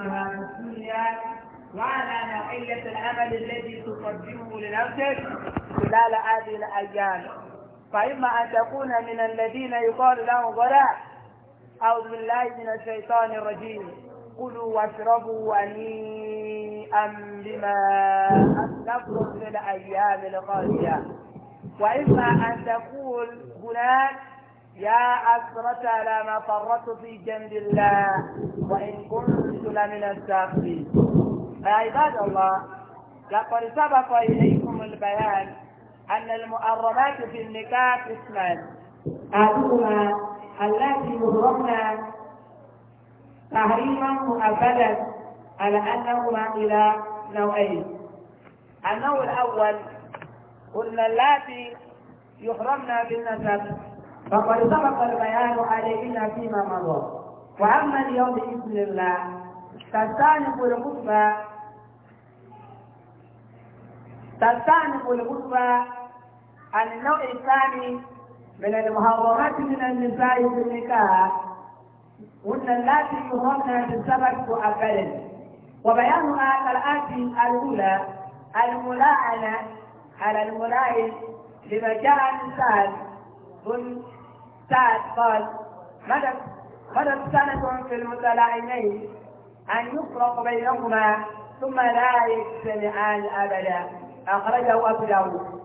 أمهات الدنيا وعلى نوعية العمل الذي تقدمه لنفسك خلال هذه الأيام فإما أن تكون من الذين يقال لهم ضلاء أعوذ بالله من الشيطان الرجيم كلوا واشربوا هنيئا بما أسلفتم في الأيام القادمة وإما أن تقول هناك يا أسرة على ما فرطت في جنب الله وإن كنت لمن الساقين يا عباد الله لقد سبق إليكم البيان أن المؤرمات في النكاح قسمان أحدهما التي يهرمن تحريما مؤبدا على أنهما إلى نوعين النوع الأول قلنا اللاتي يحرمنا بالنسب فقد سبق البيان عليهن فيما مضى وأما اليوم بإذن الله تستأنف الخطبة تستأنف الخطبة النوع الثاني من المحرمات من النساء في النكاح هن اللاتي يهمنا بالسبب السبت وبيان وبيانها كالآتي الأولى الملاعنة على الملاعن لما جاء الإنسان سعد قال مدت مدت سنة في المتلاعنين أن يفرق بينهما ثم لا يجتمعان أبدا أخرجه أبو داود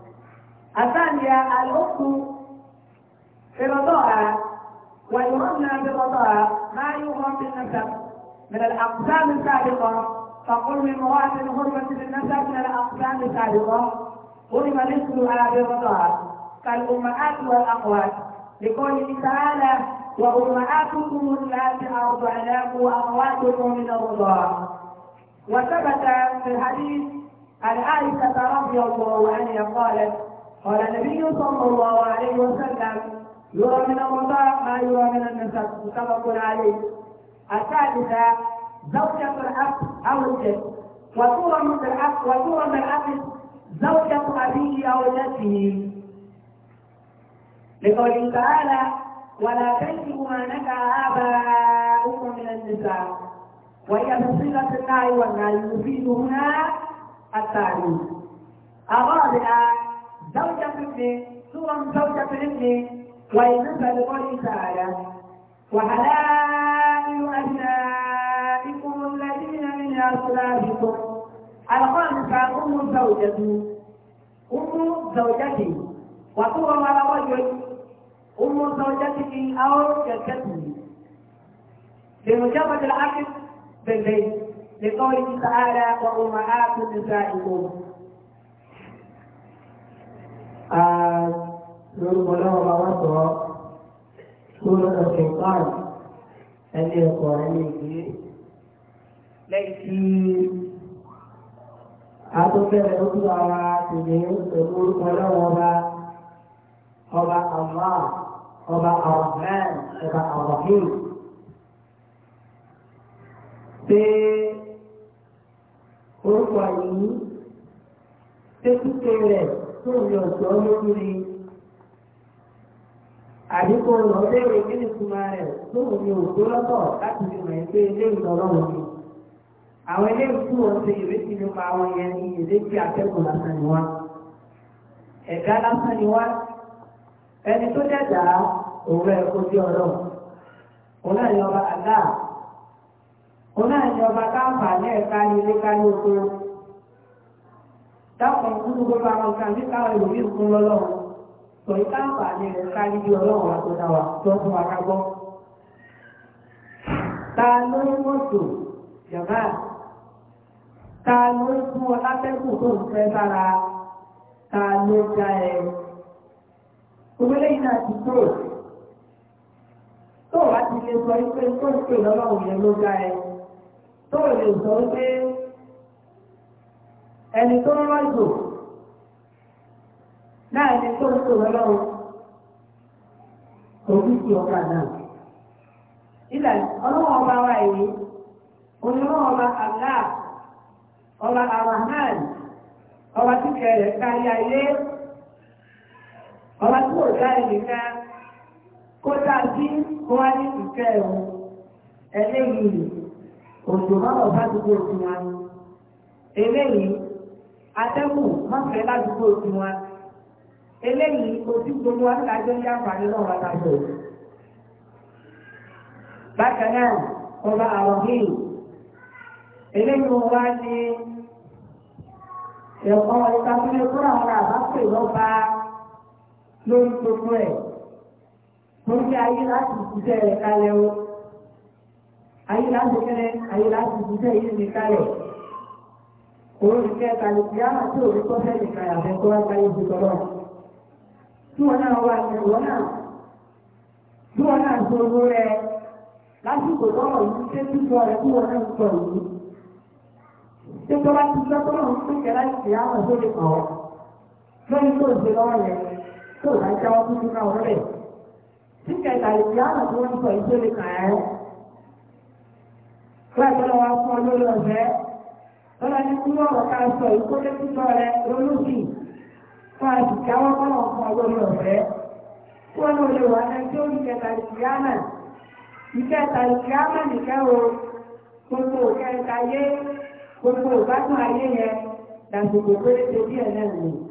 الثانية الأخت في الرضاعة ويغنى بالرضاعة ما يغرم بالنسب من الأقسام السابقة فقل من مراد الغربة بالنسب من الأقسام السابقة غرم مثلها بالرضاعة كالأمهات والأخوات لقوله تعالى وأمهاتكم اللاتي أرضعناكم وأخواتكم من الرضاع وثبت في الحديث عن عائشة رضي الله عنها قالت قال النبي صلى الله عليه وسلم يرى من الرضاع ما يرى من النسب متفق عليه الثالثة زوجة الأب أو الجد وصورة من الأب وصورة من الأب زوجة أبيه أو جده لقوله تعالى ولا تنكحوا ما نكى آباؤكم من النساء وهي بصيغه النار والنار والنهي يفيد هنا التعليم الرابعة زوجة ابن صورة زوجة ابن وينسى لقوله تعالى وحلائل أبنائكم الذين من أصلابكم الخامسة أم زوجتي أم زوجتي وترى على رجل أم زوجتك أو جلستي لمجابة العكس بالبيت لقوله تعالى وأمهات نسائكم آه، ربما لو بعضها سورة الشيطان الإخواني ليسي أتوكل أتوكل على سبيل تقول ولو هو هو الله ọba Ar-Rahman ọba Ar-Rahim pé orúkọ àyíní tẹ́kùtẹ́ rẹ̀ tó ń lọ sọ lórí àdínkù ọ̀dẹ́rẹ̀ kíni túmọ̀ rẹ̀ tó ń lọ òkú lọ́tọ̀ láti fi mọ̀ pé ilé ìtọ́lọ́run ni àwọn ilé ìtú wọn ṣe ìrètí nípa àwọn yẹn ní ìrètí akẹ́kọ̀ọ́ lásán ni wá ẹ̀dá lásán ni wá ẹni tó dẹ̀dá òun rẹ̀ kó sí ọ̀rọ̀ òun náà yọ ọba àdá òun náà yọ ọba káàpà lẹ́ẹ̀ka ní ilé ká ní oko dákun kúrú gbogbo àwọn nǹkan bí káwọn ìlú yìí kún lọ́lọ́run sọ yìí káàpà ní ilé ká ní bí ọlọ́run àtọ́ta wa tó fún wa ká gbọ́. ta ló ń mọ̀tò jọ̀bá ta ló ń fún ọ látẹ́kùn tó ń fẹ́ sára ta ló dá ẹ Gbogbo Tó o lè sọ wípé tó ń pè lọ́lọ́run yẹn ló dá ẹ. Tó lè sọ wípé ẹni tó ń rọ́jò náà ni tó ń pè náà. Ilẹ̀ ọlọ́wọ́ ọba wa yìí, onímọ̀ ọba Allah, ọba Arahman, ọba tí kárí ọba tí kò dá ẹnìkan kó dá sí kó wá ní ìfẹ́ ẹ̀hún eléyìí òjò má lọ bá dúró sí wa eléyìí atẹ́kù má fẹ́ bá dúró sí wa eléyìí ojú gbogbo wa nígbà tó ń yá àǹfààní náà wà lábẹ́ bákan náà ọba àwọn hìn eléyìí wọn wá ní ẹ̀kọ́ ìtàkùnlé fún àwọn àbápè lọ́ba lórí gbogbo ẹ̀ torí ayé láti ṣiṣẹ́ rẹ̀ kalẹ̀ o ayé láti kẹ́lẹ́ ayé láti ṣiṣẹ́ yìí ní kalẹ̀ òun kẹ́ kalẹ̀ kí á máa tó òun kọ́ fẹ́ nìkan àfẹ́ tó wá kalẹ̀ ju tọ́lọ́ tí wọ́n náà wà ní ìwọ́n náà tí wọ́n náà tó owó rẹ̀ lásìkò lọ́rọ̀ yìí ṣé tí wọ́n rẹ̀ tí wọ́n náà ń yìí ṣé tó ti sọ́kọ́ náà ń pèkẹ́ láti ṣe àwọn tó lè kàn lórí tó ṣe lọ́wọ́ yẹn 后台交出去让我累，应该在家的工作一些的改。再给我说六六谁？后来你不要我干手，我这工作嘞，有路径。再给我帮我说六六谁？说六六完了就应该在家呢，应该在家呢，你给我工作该干业，工作干啥业呢？但是我不会做别人的。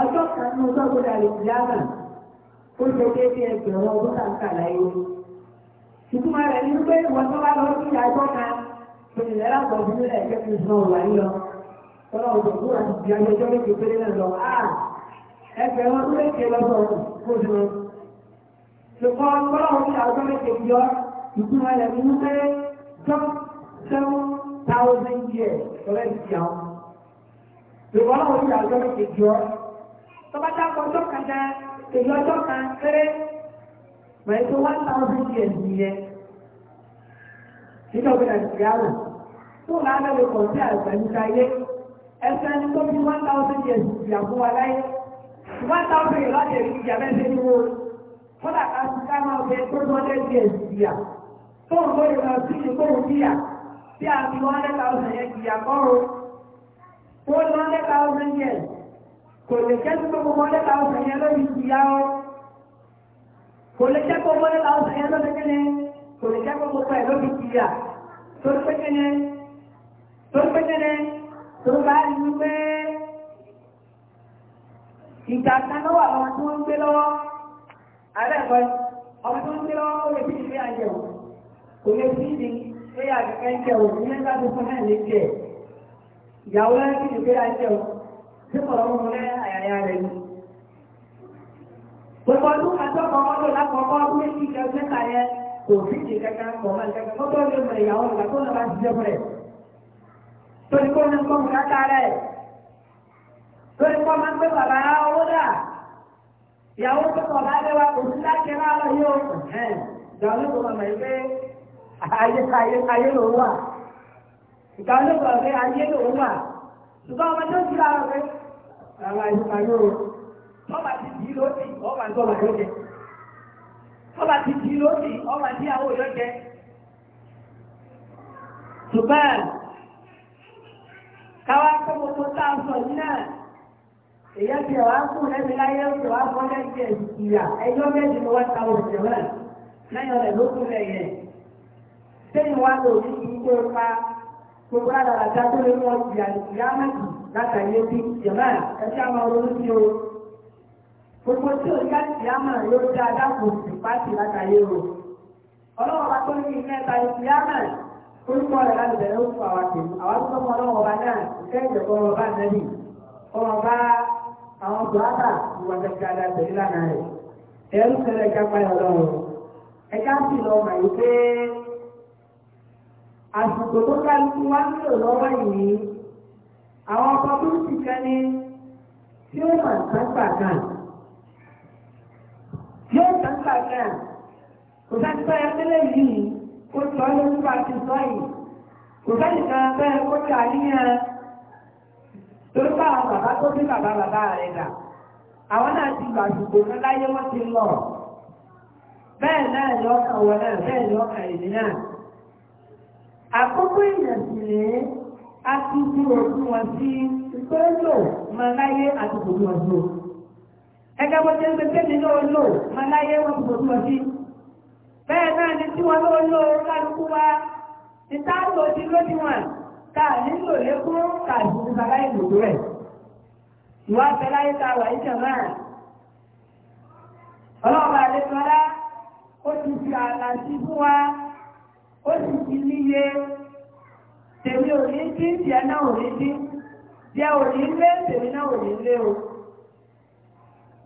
ọjọ́ kan ní ọjọ́ gbọ́dọ̀ àlèkùnláàmà ó ṣe déédéé ẹgbẹ̀rún ọdún kàńkà láyé ìtumọ̀ rẹ̀ ní pé ìwọ̀n tó bá lọ sí ìdájọ́ kan ìrìnlẹ̀ lápọ̀jù nílẹ̀ ẹgbẹ́ fi sọ wà ní lọ tọ́lá òṣèlú àti ìdí ayẹjọ́ méje péré náà lọ á ẹgbẹ́ wọn tó lè ṣe lọ́sọ̀ oṣù ṣùgbọ́n tọ́lá òṣèlú àjọ méje yọ ìtumọ̀ rẹ̀ ní pé jọ́ seven thousand years tọ́lá ìdí àwọn ṣùgbọ́n òṣèlú àjọ méje yọ tọ́ba tá a kọ ọjọ́ kan gan èyí ọjọ́ kan kéré pẹ̀lú tó one thousand years nìyẹn nígbà òkè àti ìyáwó tó làálẹ̀ lè kọ̀ sí àgbẹ̀nuta yé ẹsẹ̀ ẹni tó fi one thousand years ìyà fún wa láyé one thousand years láti èyí ìyà bẹ́ẹ̀ ṣe ní wo kódà ká sí ká máa bẹ tó tó lé díẹ̀ ìyà tó ń lóye lọ sí ìkóhùn díyà tí a fi one thousand years ìyà kọ́rọ̀ tó one thousand years kò lè jẹ́ pé gbogbo ọdẹ ta ọ̀sán yẹn lórí ìyá ọ kò lè jẹ́ gbogbo ọdẹ ta ọ̀sán yẹn lórí kíni kò lè jẹ́ gbogbo ẹ̀ lórí ìyá torí pé kíni torí pé kíni torí bá rí i pé ìjà kan lọ́wọ́ àwọn tí wọ́n ń gbé lọ́wọ́ ààrẹ ẹ̀kọ́ ọmọ tí wọ́n ń gbé lọ́wọ́ fi ìgbé àjẹwò kò lè fi ìdí pé àjẹkẹ́ ń jẹun ní ẹgbẹ́ àti fún náà lè jẹ tí kò lọ́wọ́ mú lẹ́yìn àyàyà rẹ̀ yìí. Gbogbo ọdún àjọpọ̀ ọmọdé lápapọ̀ ọdún méjì kẹ́ mẹ́ta yẹn kò sí ìdí kankan pọ̀ máa kankan kó tó lè mọ ìyàwó rẹ̀ kó lọ́ba ti jẹun rẹ̀. Torí kó ní kó nǹkan ká rẹ̀. Torí kó máa ń pè bàbá owó dà. Ìyàwó tó kọ̀ bá lé wa kò sí láti rà lọ yóò. Ìgbàlú kò mọ̀ ara ìta yóò ọba ti ọba tó ọba yóò ọba ti di lóòtì ọba tí àwọn yóò jẹ ṣùgbọ́n káwá kó gbogbo tá a sọ yìí náà èyí ti wá kú lẹ́bi láyé lẹ́bi ìyà ẹjọ́ ni wọ́n ta òṣèlú náà lẹ́yìn ọ̀rẹ́ ló kún sẹ́yìn wá pa gbogbo tó ìyá látàrí ojú jẹ̀mọ́ ẹ̀ṣẹ́ àwọn ronú sí o gbogbo tí o yá sí àmà yóò dá dákun sí pàṣẹ látàrí o ọlọ́wọ́ bá tó ní ilé ẹ̀ta ìsì àmà orúkọ rẹ̀ láti bẹ̀rẹ̀ oṣù àwàtì àwọn tó mọ ọlọ́wọ́ bá náà ìfẹ́ ìjẹ̀kọ́ ọmọ bá nẹ́bí ọmọ bá àwọn bùrátà ìwà gàgàdà tẹ̀lé lánà rẹ̀ ẹ̀rú kẹlẹ̀ ẹ̀ka pa ọlọ́run ẹ̀ka sì lọ mà yìí pé àsìkò tó kálukú wá ń lọ́wọ́ yìí àwọn ọkọ tó ń ṣiṣẹ́ ní tí ó mà nǹkan kan tí ó kan kò sẹ́ni tó yẹ tẹ́lẹ̀ yìí kó sọ lórí bá ti sọ yìí kò sẹ́ni kan bẹ́ẹ̀ kó ṣe àníyàn torí báwọn bàbá tó bí bàbá bàbá rẹ̀ dà àwọn náà ti gbà ṣùgbọ́n ní láyé wọ́n ti lọ bẹ́ẹ̀ náà ni ọkàn wọn náà bẹ́ẹ̀ ni ọkàn èdè náà àkókò ìyẹ̀sìn rèé a ti kúrò fún wọn sí pé lò máa láyé àti kò fún wọn sí o. ẹgbẹ́ bó ṣe ń pe kéde náà lò máa láyé wọn kò fún wọn sí. bẹ́ẹ̀ náà ni tí wọn ló lò kálukú wa ní táàbù òdi lódì wọn ká nílò lékún ká ìfúnni bàbá ìlòdó rẹ̀. ìwà àfẹ́lá yìí ta wà ìjọ náà. ọlọ́ọ̀bà àlejò ọlá ó ti fi àlàsí fún wa ó sì ti níye tèmi ò ní dín tiẹ̀ náà ò ní dín tiẹ̀ ò ní lé tèmi náà ò ní lé o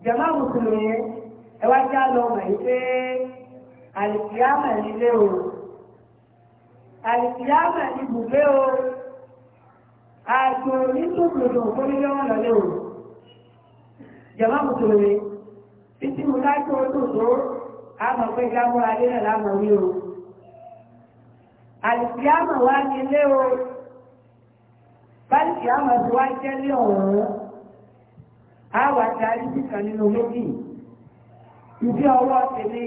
jàmá mùsùlùmí ẹ wá já lọ mọ̀ yìí pé àlìkìyàmà nílé o àlìkìyàmà níbùgbé o àjò nítòkòtò fún mílíọ̀nù lọ́lẹ́ o jàmá mùsùlùmí títí mo ká tó tó tó àmọ̀ pé jábọ̀ adé náà lámọ̀ rí o àlìkíámà wá nílé o bálìkíámà tó wá jẹ́ ní ọ̀rọ̀ á wà darí síkan nínú méjì ìdí ọwọ́ tèmi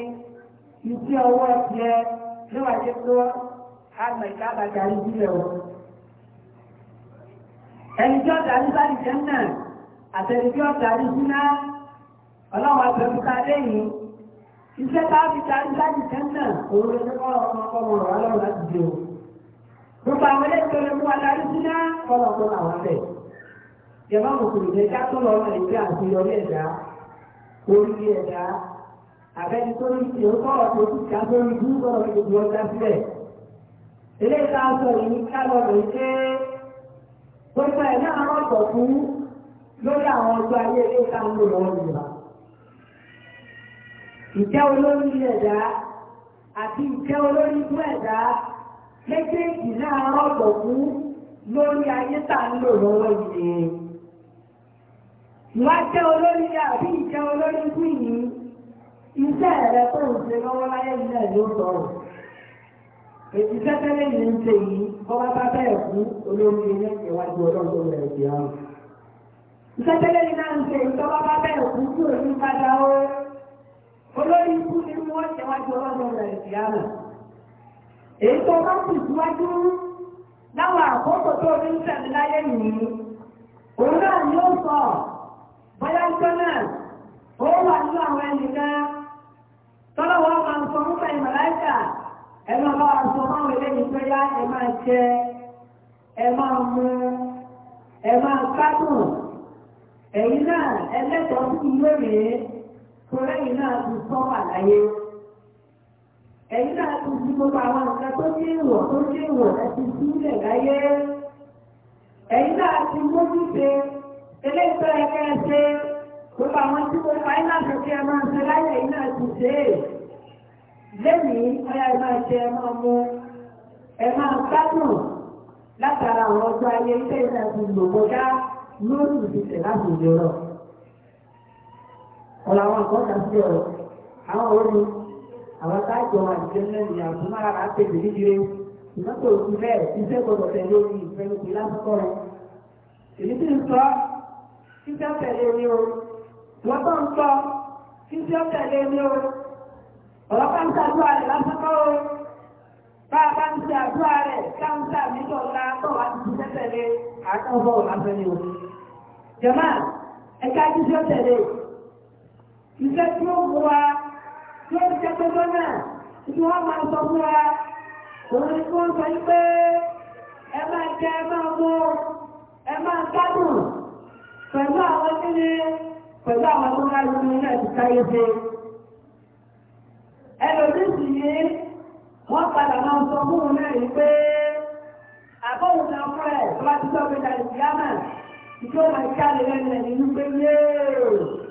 ìdí ọwọ́ tiẹ̀ níwà jẹ́ tó àgbà ìkábà darí sílẹ̀ o ẹni tí ó darí bálìkíámà àtẹnudí ó darí síná ọlọ́wọ́ àbẹ̀múta lẹ́yìn iṣẹ́ táàbí táàbí láti tẹ́ńtẹ̀ òun ló ní o. gbogbo àwọn ilé ìtọ́lé mú wa darí sí náà kọ́lọ̀ tó là wá bẹ̀. ìjọba òkùnrin ní ká tó lọ́ọ́ náà ìgbé àṣeyọrí ẹ̀dá orí ẹ̀dá àbẹ́ni tó ní ìṣe kọ́lọ̀ tó ti ká tó ní dúró kọ́lọ̀ tó ti wọ́n dá sílẹ̀. ilé ìta sọ yìí ká lọ́dọ̀ ṣe gbogbo ẹ̀ náà rọ̀ lórí àwọn ọjọ́ ayé ilé ìta ń lò lọ́wọ́ ìjẹ́ olórí ilẹ̀ ẹ̀dá àti ìjẹ́ olórí inú ẹ̀dá méjèèjì náà rọ̀gbọ̀ fún lórí ayé tà ń lò lọ́wọ́ yìí. Wọ́n jẹ́ olórí ilẹ̀ àbí ìjẹ́ olórí inú yìí, iṣẹ́ rẹ̀ tó ń ṣe lọ́wọ́ láyé ilẹ̀ ló sọ̀rọ̀. Èyí sẹ́tẹ́lẹ̀ yìí ń ṣe yìí, bọ́lá bá bẹ̀rẹ̀ fún olórí ilé ìwájú ọlọ́run rẹ̀ ìdí àrùn. Sẹ́tẹ́lẹ̀ yìí náà ń ṣe ìtọ́wọ́ bá bẹ̀rẹ̀ fún kí òní padà ó olórí ikú ni wọ́n tẹ̀wájú ọlọ́run rẹ̀ ìyáàmù èyí tó bá kù síwájú láwọn àkókò tó ní sẹ̀mí láyé nìyí òun náà ni ó sọ bóyá ń tọ́nà ó wà nínú àwọn ẹnìkan tọ́lọ́wọ́ máa ń sọ nípa ìmọ̀láìkà ẹ máa bá wa sọ máwọn eléyìí tó yá ẹ máa jẹ ẹ máa mú ẹ máa kádùn ẹ̀yin náà ẹlẹ́tọ̀ọ́ sí ìwé rèé. Tọ́lá náà ti sọ́pà láyé. Ẹ̀yin náà tó dé ṣe. Gbogbo àwọn tí mo fa iná àti ẹ máa ṣe láyé ẹ̀yin ti ṣe é. Lẹ́yìn ọ̀yà ẹ ṣe ẹ máa mú ẹ máa gbádùn látara àwọn ọgbà ayé ilé ìrìnàjò lòkọjá lórí ìfisẹ̀ láti ìjọ náà ọ̀la àwọn nǹkan kan sí ọ̀rọ̀ àwọn òní àwọn táàjọ àjẹmẹ́ ní àbúmára àpèjì nídìrí ìmọ́tò òkú bẹ́ẹ̀ iṣẹ́ gbọdọ̀ tẹ̀lé orí ìfẹ́lùkù lásìkò rẹ̀ èyí sì ń sọ iṣẹ́ tẹ̀lé ní o wọ́n tó ń sọ iṣẹ́ tẹ̀lé ní o ọ̀rọ̀ bá ń ṣàdúrà rẹ̀ lásìkò o bá a bá ń ṣe àdúrà rẹ̀ ká ń ńlá tó wà ní iṣẹ́ tẹ̀lé àtọ́bọ̀ lásán ni o jẹ̀má ẹ̀ka iṣẹ́ tẹ̀lé o iṣẹ́ tí ó mú wa tí ó jẹ́ pé lọ́nà tí wọ́n máa sọ fún wa òun ni wọ́n sọ pé ẹ máa jẹ ẹ máa mú ẹ máa gbádùn pẹ̀lú àwọn kíni pẹ̀lú àwọn tó bá lu ní ẹ̀sìn káyé ṣe. ẹlòmíì sì yé wọ́n padà máa sọ fún un náà yìí pé àbọ̀wò náà fún ẹ̀ tó bá ti sọ pé dàdí ìyá náà ìjọba ìkàlẹ̀ lẹ́nu ẹ̀ nínú pé yéèrè.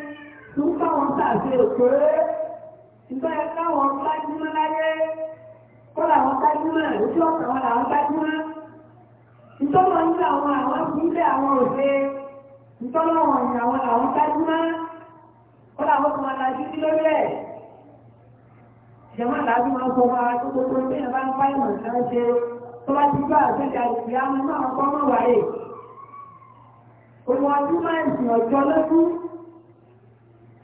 tó ń báwọn sàṣe òpè nígbà yẹn káwọn gbájúmọ́ láyé kó làwọn gbájúmọ́ ojú ọ̀sán wọn làwọn gbájúmọ́ ìtọ́lọ́ ń gbà wọn àwọn ti àwọn òṣè ìtọ́lọ́ wọn ni àwọn làwọn gbájúmọ́ kó làwọn kan lajú sí lórí ẹ̀ ìjọba làbí wọn sọ wọn àti gbogbo ní ìyàbá ń bá ìmọ̀ ìṣẹ́ ṣe tó bá ti gbọ́ àtẹ́jà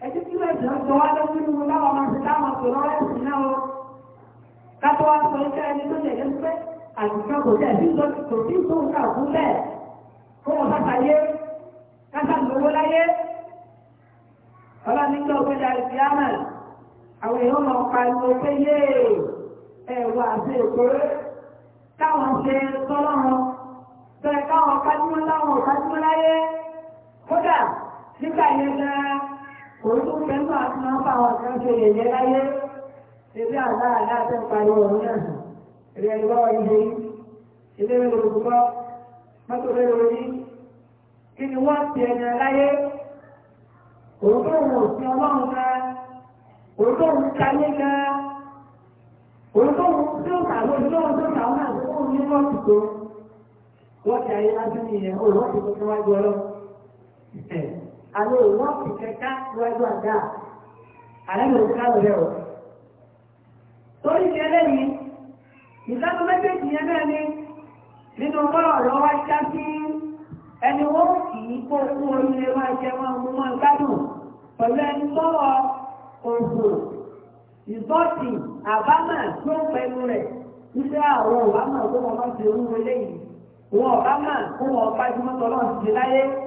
ẹtí tí lè jẹ́ sọ wá lọ́wọ́ nínú láwọn máa fi dáhùn àpò lọ́wọ́ ẹ̀sìn náà o kápẹ́ wá sọ iṣẹ́ ẹni tó lè ń pẹ́ àtìkẹ́ kò tẹ̀ sí kò sí tó ń kà fún bẹ́ẹ̀ kó wọn bá fàyé kásá lówó láyé ọlọ́ni tó gbé darí sí àmà àwọn èèyàn máa pariwo pé yé ẹ̀wà àti èkóró táwọn ṣe tọ́lọ́run tẹ̀ káwọn kájúmọ́ láwọn kájúmọ́ láyé kódà nígbà yẹn náà òun tó fẹ́ fún àti máa ń bá àwọn kan ṣe yẹ̀yẹ́ láyé ebi àlá àlá àtẹ̀ pariwo òun náà èrè ẹni bá wọlé yìí ilé rẹ̀ ló gbọ́ mọ́tò rẹ̀ ló yí kí ni wọ́n ti ẹ̀yẹ láyé òun tó wù sí ọlọ́run náà òun tó wù káyé náà òun tó wù sí òkàwé àwọn ìwọ́pù kẹta wájú àdá àlẹ́mọ̀ ìkáwọ̀ rẹ̀ ọ̀. torí ti ẹlẹ́yìn ìsáko méjèèjì yẹn náà ni nínú ọgọ́rọ̀ ọ̀rọ̀ wá ṣá sí ẹni wọ́n kì í kó kú oríire máa jẹ wọn mú wọn gbádùn pẹ̀lú ẹni tọ́wọ́ òògùn ìbọ́sì àbámà tó ń pẹ̀lú rẹ̀ nígbà àwọn òbámà tó wọn bá ti orúkọ lẹ́yìn wọn òbámà kó wọn bá jùmọ̀ tọ́lọ́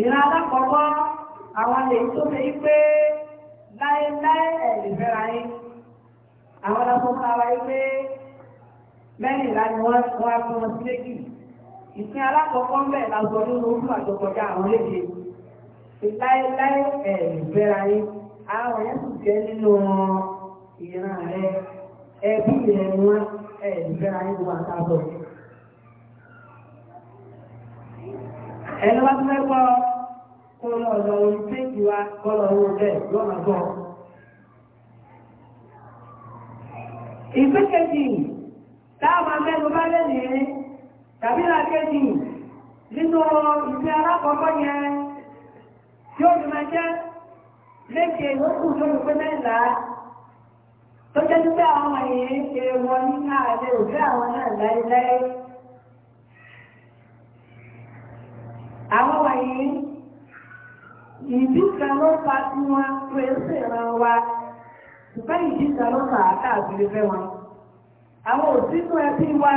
ìran alákọ̀ọ́kọ́ àwọn lè tó fi pé láéláé ẹ̀lì fẹ́ra yín àwọn alákọ̀ọ́kọ́ ara yín pé mẹ́rìnlá ni wọ́n wá fún wọn sí méjì ìpín alákọ̀ọ́kọ́ ń bẹ̀ lásọ nínú ojú àjọkọjá àwọn léde láéláé ẹ̀lì fẹ́ra yín àwọn yẹn sì jẹ́ nínú ìran rẹ ẹbí rẹ ni wọ́n ẹ̀lì fẹ́ra yín gbogbo àtàbọ̀ ẹ̀lọ́wọ́ tó fẹ́ gbọ́ kọlọ ọ̀dọ̀ orin péjì wa kọlọ owó bẹ́ẹ̀ lọ́nà bọ̀. ìgbékejì táwọn mẹ́nu bá lẹ́nìí tàbí làkejì nínú ìgbé alákọ̀ọ́kọ́ yẹn tí ó fi jẹ́ léke lókù tó ń pé mẹ́ta tó jẹ́ àwọn ṣe ní àwọn náà ìdí kan ló fa tí wọ́n pè sí ìran wa ṣùgbọ́n káàkiri fẹ́ wọn. àwọn òsínú ẹbí wa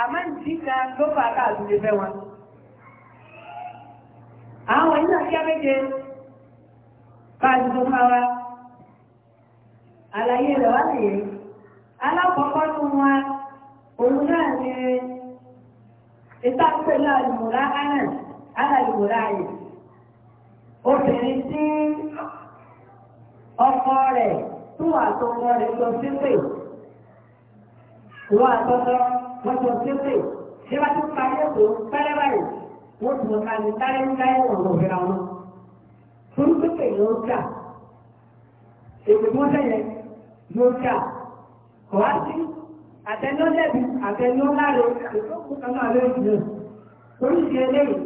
àmọ́ ìdí kan ló fà káàkiri fẹ́ wọn. àwọn ìlú àti àméje bá a dúró wa àlàyé rẹ̀ wá alákọ̀ọ́kọ́ ní wọn òun obìnrin tí ọkọ rẹ̀ tó àtọkọ rẹ̀ lọ sípè wọ́n àtọkọ wọ́n lọ sípè ṣé wàá tún parí ètò pẹ́lẹ́ báyìí wọ́n tún wọn kàní táyé táyé wọn lọ fẹ́ra wọn. torí pípé yóò gbà èdè tó sẹ́yẹ yóò gbà kọ́ á sí àtẹnudẹ́bi àtẹnudáre ètò kúkan náà lóyún náà. torí ìdí eléyìí.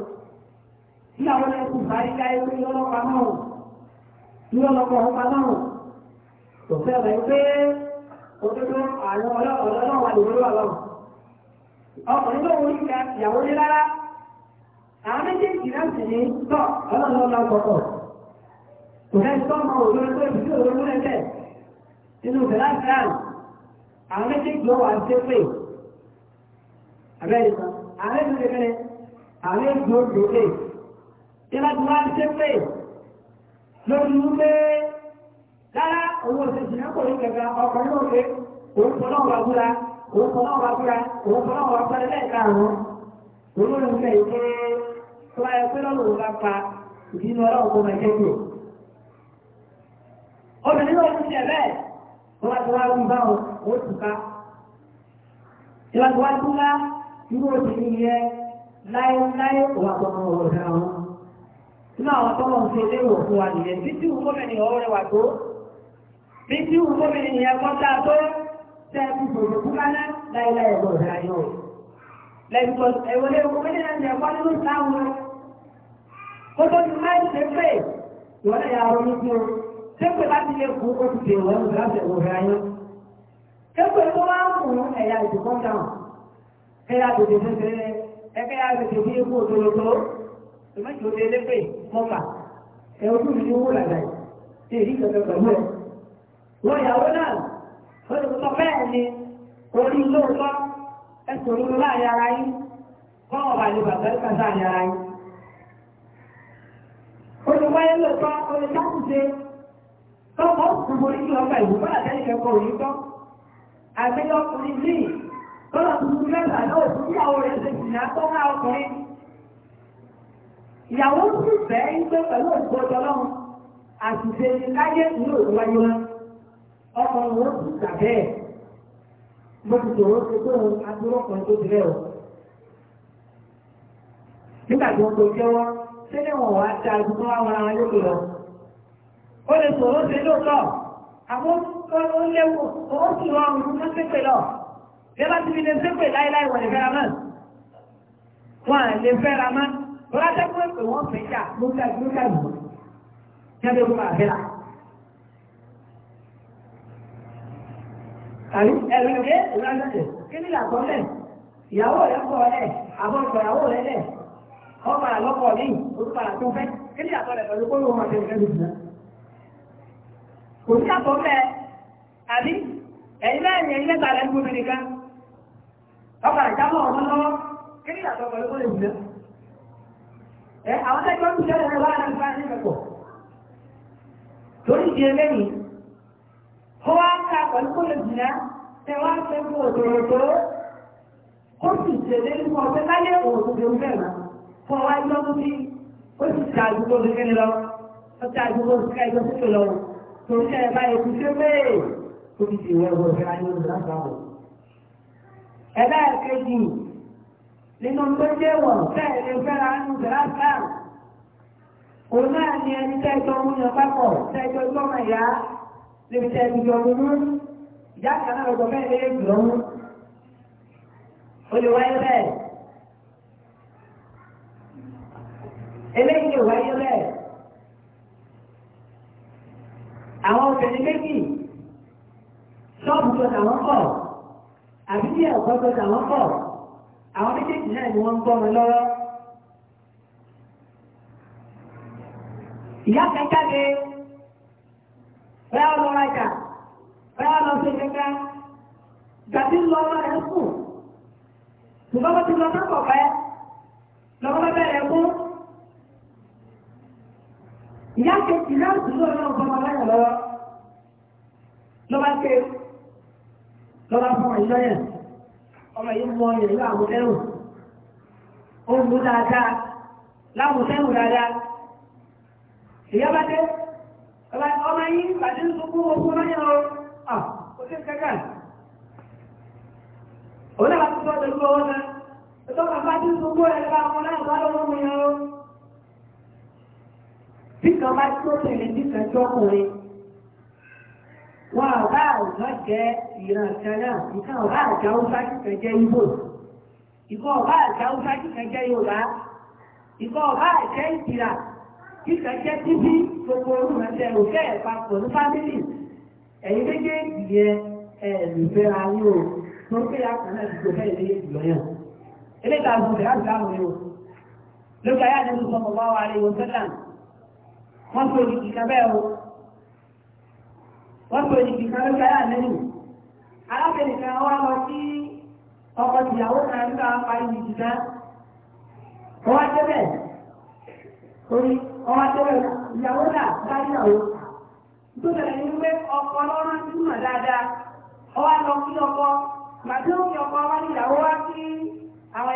tí àwọn ẹkùn bá rí káyé pé náà ní ọlọ́pàá náà kò fẹ́ rẹ̀ pé òdodo àwọn ọlọ́lọ́wà lòdó àlọ́wà ọkùnrin ló wọlé ìka ìyàwó ní rárá àwọn méjèèjì náà sì ní tọ́ ọlọ́lọ́lọ́ ọkọ̀ọ̀kọ̀ kò fẹ́ tọ́ ọmọ òdodo pé ìdílé òdodo lẹ́sẹ̀ nínú ìfẹ́ láti ráàlì àwọn méjèèjì lọ́wọ́ àti pé abẹ́rẹ́ àwọn méjèèjì lọ́wọ́ àti pé ìlàjì máa ṣe pé lórí wípé lára owó òṣèṣì náà kò ní gẹ̀gẹ̀ ọkọ̀ ní òkè òun kọ́ náà wà òun kọ́ náà wà òun kọ́ náà wà búra lẹ́ẹ̀karùn-ún ilẹ̀ yìí tó bá yẹ pé lọ́rùn òun bá pa ìdínú ọlọ́run kó máa jẹ́ obìnrin náà ti ṣẹ̀ bẹ́ẹ̀ tó bá ti wá ń bá wọn ó tù ká. ìlàjì wá tún ká irú òṣèlú yẹn láéláé òun àtọkùn ọ̀rọ̀ dáa náà àwọn tọ́lọ̀ ń ṣe léwò fún wa nìyẹn bí tí òun gómìnà ọwọ́ rẹwà tó bí tí òun gómìnà ìyẹn kọ́ dáa tó tẹ́ ẹkú tòrò fún kálá láìláì ẹ̀gbọ́n ọ̀dà yóò lẹ́gbọ́ ẹ̀wọ̀n léwu gómìnà ìyẹn kọ́ nínú sáwọn ó tó ti máa ń ṣe pé ìwọ́n ẹ̀yà ọ̀rọ̀ ní tó ṣé pé láti lè kú ó ti dè wọ́n láti ọ̀dà yóò ṣé pé tó máa ń kún ẹ̀yà ìdìbọn dáhùn ẹ̀yà àgbègbè ìmọ̀jì òde elépè mọ́fà ẹ ojú mi ní owó làgbà yìí èyí kẹ̀kẹ́ pẹ̀lú ẹ̀. wọ́n ìyàwó náà wọ́n ti sọ bẹ́ẹ̀ ni orí lóòótọ́ ẹ sòrò lọ láàrin ara yín wọ́n wọ̀ bàlẹ̀ bàbá ẹ̀ kàtà ara yín. olùwáyé lóòótọ́ olùdákùnṣe tọ́kọ̀ òkùnkùn orí kí ọgbà ìwé bọ́lá tẹ́lẹ̀ kẹ́kọ̀ọ́ òní tọ́ àgbẹ̀yọkùnrin míì tọ́lá tuntun mẹ́ta náà òkú ìyàwó sì fẹ́ ń gbé pẹ̀lú òṣìṣẹ́ ọlọ́run àṣìṣe ní láyé ìlú òun wáyé wọn ọkọ̀ wọn sì tàbẹ́ ẹ̀ mo ti tòrò ṣe pé òun adúrọ̀kan tó ti rẹ̀ o. nígbà tí wọn kò jẹ́wọ́ ṣé ní wọn wá da àdúgbò àwọn ará yókè lọ. ó lè tòrò ṣe lóòótọ́ àwọn ó léwu ó sì rọrùn fún sépè lọ. bí a bá ti fi lè sépè láéláé wọ̀lẹ̀ fẹ́ra mọ́ wọn à lè fẹ́ra mọ́ tọ́lá jẹ́ pé pé wọ́n fẹ́ jà ló ń dájú ló ń dájú jáde ló máa bẹ́là. àbí ẹ̀rù ìwé ìlànàjẹ̀ ni ìyàtọ̀ lẹ̀ ìyàwó rẹ̀ kọ̀ lẹ̀ àbọ̀tọ̀ ìyàwó rẹ̀ lẹ̀ ọmọ àlọ́kọ̀ ní orúkọ àtún ni ìyàtọ̀ rẹ̀ pẹ̀lú kóró ọmọ àtẹnukẹ́ ló dùn. kò sí àtọ̀ mẹ́ àbí ẹ̀yin náà ẹ̀yin mẹ́ta rẹ̀ ń gbóbi nìkan ọkọ̀ àjábọ̀ ọmọ lọ́wọ́ kí ni ìyàtọ̀ pẹ̀lú kóró ìwúlẹ̀ àwọn tẹ́jọ́ ń tẹ́jọ́ ó wá ká pẹ̀lú kó lè jìnà tẹ wá ń fún òtòròtò ó sì tẹ̀lé ní wọn fẹ́ láyé òtòròtò ń fún ọwá ìjọ bí ó sì ta àdúgbò kékeré ní lọ ó ta àdúgbò ká ìjọ nínú tó jẹ́ wọ̀ bẹ́ẹ̀ lè fẹ́ra nù gíláàsì òun náà ni ẹni tẹ́jọ́ ń yan pápọ̀ tẹ́jọ́ gbọ́mọ ìyá níbi tẹ́jọ́ ìjọba mú ìyá kan náà lọ́gbọ́n bẹ́ẹ̀ lè jùlọ mú olùwáyé bẹ́ẹ̀ eléyìí ìwáyé bẹ́ẹ̀ àwọn obìnrin méjì ṣọ́ọ̀bù tó tàwọn kọ̀ àbí ẹ̀kọ́ tó tàwọn kọ̀ àwọn méjèèjì náà ni wọ́n ń gbọ́mọ lọ́wọ́ ìyá kan jáde bẹ́ẹ̀ lọ rajà bẹ́ẹ̀ lọ sí ìgbẹ́gbẹ́ gàdí lọ ọmọ rẹ̀ sùn ṣùgbọ́n ti lọ sọ́kọ̀ pẹ́ lọ́wọ́ bá bẹ̀rẹ̀ kú ìyá kejì náà sì lóore náà gbọ́mọ lọ́yàn lọ́wọ́ ló bá ké lọ́wọ́ fún ìjọ yẹn ọmọ yìí mọ ọyàn ní àwọn ẹrù ó ń mú dáadáa láwọn ẹrù dáadáa ìyá bá dé ọmọ yìí bàtí ń sunkún ogun náà yẹn lọ ọ kò sí kankan òun náà bá ti sọ pẹ̀lú ọwọ́ náà ètò bàbá tí ń sunkún ẹ̀ bá wọn náà bá lọ́wọ́ mu yẹn lọ. bí kan bá tó tẹ̀lé bí kan tó ọkùnrin wọn àbá àwùjọ jẹ ìran kan nǹkan ọba àjà haúsá kìkan jẹ ibo ìkọ́ ọba àjà haúsá kìkan jẹ yorùbá ìkọ́ ọba àjẹ ìtìrà kìkan jẹ títí gbogbo olùrànṣẹ òkè ẹ̀pàpọ̀ ní fámìlì ẹ̀yin méjèèjì yẹn ẹ̀ lè fẹ́ o tó ń pè é àkànná ìdìbò fẹ́ ilé ìjọ yẹn eléyìí ta gbọdọ̀ láti o lókè ayé àdéhùn sọ̀rọ̀ bá wọ́n pè ní ìkan lókè ayé àlẹ́yìn arábìnrin kan wá lọ sí ọkọ kan nígbà parí ìdí náà wọ́n wá débẹ̀ orí wọ́n wá débẹ̀ ìyàwó náà bá níyàwó tó tẹ̀lé ní pé ọkọ lọ́rọ́ ti mọ̀ dáadáa wọ́n wá lọ sí ọkọ màtí ó fi ọkọ wá ní ìyàwó wá sí àwọn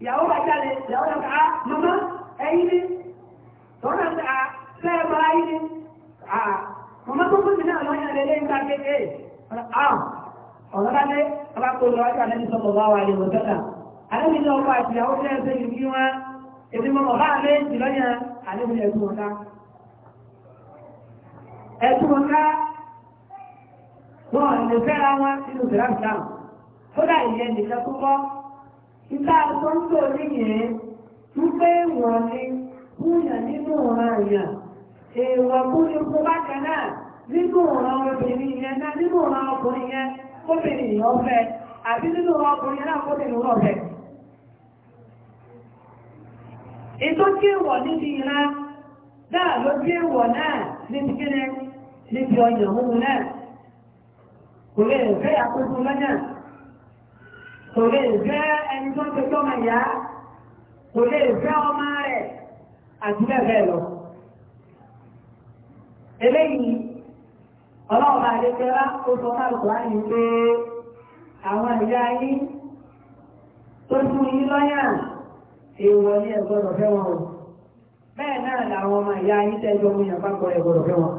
ìyàwó tó wá mọ̀mọ́ tó fún mi náà lọ́yìn rẹ̀ lẹ́yìn ká kéde àwọn ọ̀rọ̀ládé alákòóló ọjà lẹ́yìn sọ̀rọ̀ bá wà lè wọ̀tọ́ta alẹ́bí ní ọkọ̀ àti ìyàwó tẹ́ ẹsẹ̀ yìí bí wọ́n èdè mọ̀mọ́ bá lé ìlọ́yìn alẹ́bí ẹ̀sùn ọ̀tá ẹ̀sùn ọ̀tá wọn lè fẹ́ra wọn nínú ìlànà ìlànà kódà ìyẹn nìkan tó kọ́ ìta tó ń tò níyẹn wípé wọ́n ní kúnyà nínú ọ̀ràn ìyàn èèwọ̀ fún ikú bákan náà nínú ọ̀ràn obìnrin yẹn náà nínú ọ̀ràn ọkùnrin yẹn kóbìnrin yẹn ọ̀fẹ́ àbí nínú ọ̀ràn ọkùnrin yẹn náà kóbìnrin yẹn ọ̀fẹ́. ètò tí èèwọ̀ níbi ìran náà ló tí èèwọ̀ náà níbi kíni níbi ọ̀yàn òun náà kò lè fẹ́ àkókò lọ́nà kò lè fẹ́ ẹni tó ń tẹ́tọ́ mọ̀ yá kò lè fẹ́ ọmọ rẹ̀ àti bẹ́ẹ̀ bẹ́ẹ̀ lọ eléyìí ọlọ́ọ̀bá adékẹ́lá ó sọ náà lọ́wọ́ pé àwọn ìyá yín tó fún yín lọ́yà èèwọ̀ ní ẹ̀gbọ́dọ̀ fẹ́ wọn o bẹ́ẹ̀ náà làwọn ọmọ ìyá yín tẹ́jọ́ mú yàn pápọ̀ ẹ̀gbọ́dọ̀ fẹ́ wọn.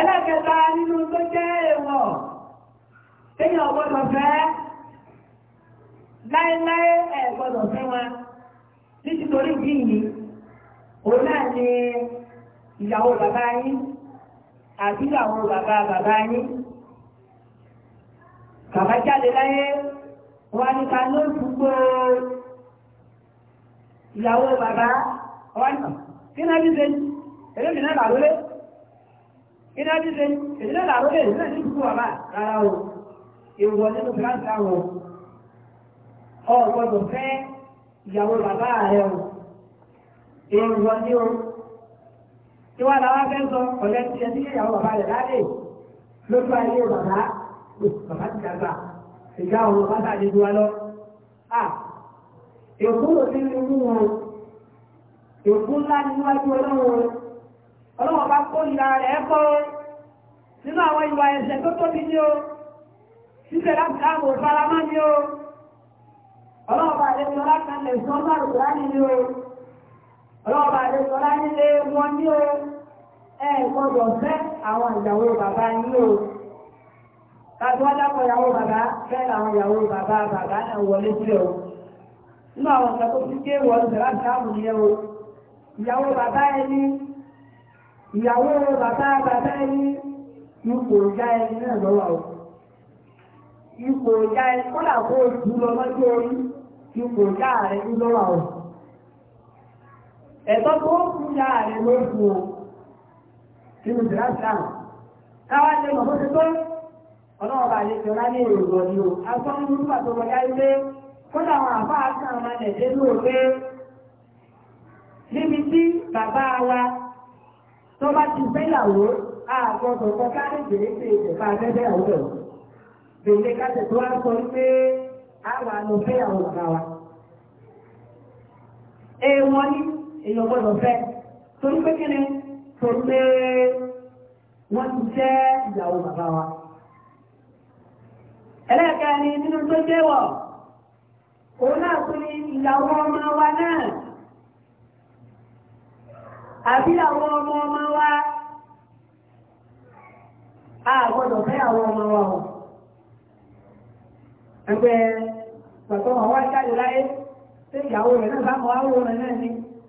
ẹlẹ́kẹta nínú tó jẹ́ èèwọ̀ téèyàn ọgbọ́dọ̀ fẹ́ láéláé ẹ̀gbọ́dọ̀ fẹ́ wọn nítorí bí òun náà ni ìyàwó bàbá yín àbí ìyàwó bàbá bàbá yín bàbá jáde láyé wọ́n ní ká ló dùgbò ìyàwó bàbá wọ́n ní kí náà bí ṣe èdè mi náà làlólé kí náà bí ṣe èdè náà làlólé èdè náà ní dùgbò bàbá rárá o èèwọ̀ nínú fúláǹsì àwọn o ọ̀gbọ́dọ̀ fẹ́ ìyàwó bàbá rẹ o èèwọ̀ ní o ìwà làwọn abẹ́ sọ ọ̀lẹ́ ti ẹni ìyàwó bàbá rẹ̀ lálẹ́ lójú ayé bàbá bàbá ti dàgbà ìjà òun bàbá tàbí ju wa lọ. èkúrò sí inú wọn èkú ńlá níwájú ọlọ́run ọlọ́run bá kó ìlà rẹ̀ kọ́ nínú àwọn ìwà ẹ̀ṣẹ̀ tó tóbi ní o ṣíṣe láti dáàbò ìfaramá ní o ọlọ́run bá lè sọ láti lè sọ ọlọ́run láti ní o ọlọ́ọ̀bà àti sọlá nílé wọn ní o ẹ gbọ́dọ̀ fẹ́ àwọn ìyàwó bàbá yín o kájú wọn dákọ̀ ìyàwó bàbá bẹ́ẹ̀ làwọn ìyàwó bàbá bàbá náà wọlé sílẹ̀ o nínú àwọn ọ̀sán tó fi ké wọ́n sọ̀rọ̀ àti ààbò yẹn o ìyàwó bàbá ẹni ìyàwó bàbá bàbá ẹni ipò ìyá ẹni náà lọ́wọ́ o ipò ìyá ẹni kó làkó jù lọ lọ́jọ́ orí ipò ìyá rẹ̀ lọ́wọ́ o ẹ̀tọ́ tó kú láàrẹ ló fún ọ nínú ìdíláṣìláàmù káwá ṣe mọ̀ bó ṣe tó ọlọ́ọ̀bà àlejò ọlá ní èrò ìrọ̀lì o agbọ́n ní nígbà tó wọlé ilé kódà àwọn àfáà kan máa nẹ̀dẹ́ lóore níbi tí bàbá wa tó bá ti fẹ́yàwó àgbọ̀dọ̀ kan kárí gbèrègbè ìjọba abẹ́bẹ́ àwùjọ gbèrè kásẹ̀ tó wá sọ pé àwa lọ fẹ́yàwó èyí ọgbọ́dọ̀ fẹ́ torí pé kíni tó pé wọ́n ti jẹ́ ìyàwó bàbá wa ẹlẹ́ẹ̀kẹ́ ni nínú tó jẹ́wọ̀ òun náà tún ni ìyàwó ọmọ wa náà àbí àwọn ọmọ ọmọ wa a gbọ́dọ̀ fẹ́ àwọn ọmọ wa o ẹgbẹ́ pàtó àwọn wáṣáyé láyé tí ìyàwó rẹ̀ náà bá mọ àwọn ọmọ náà ni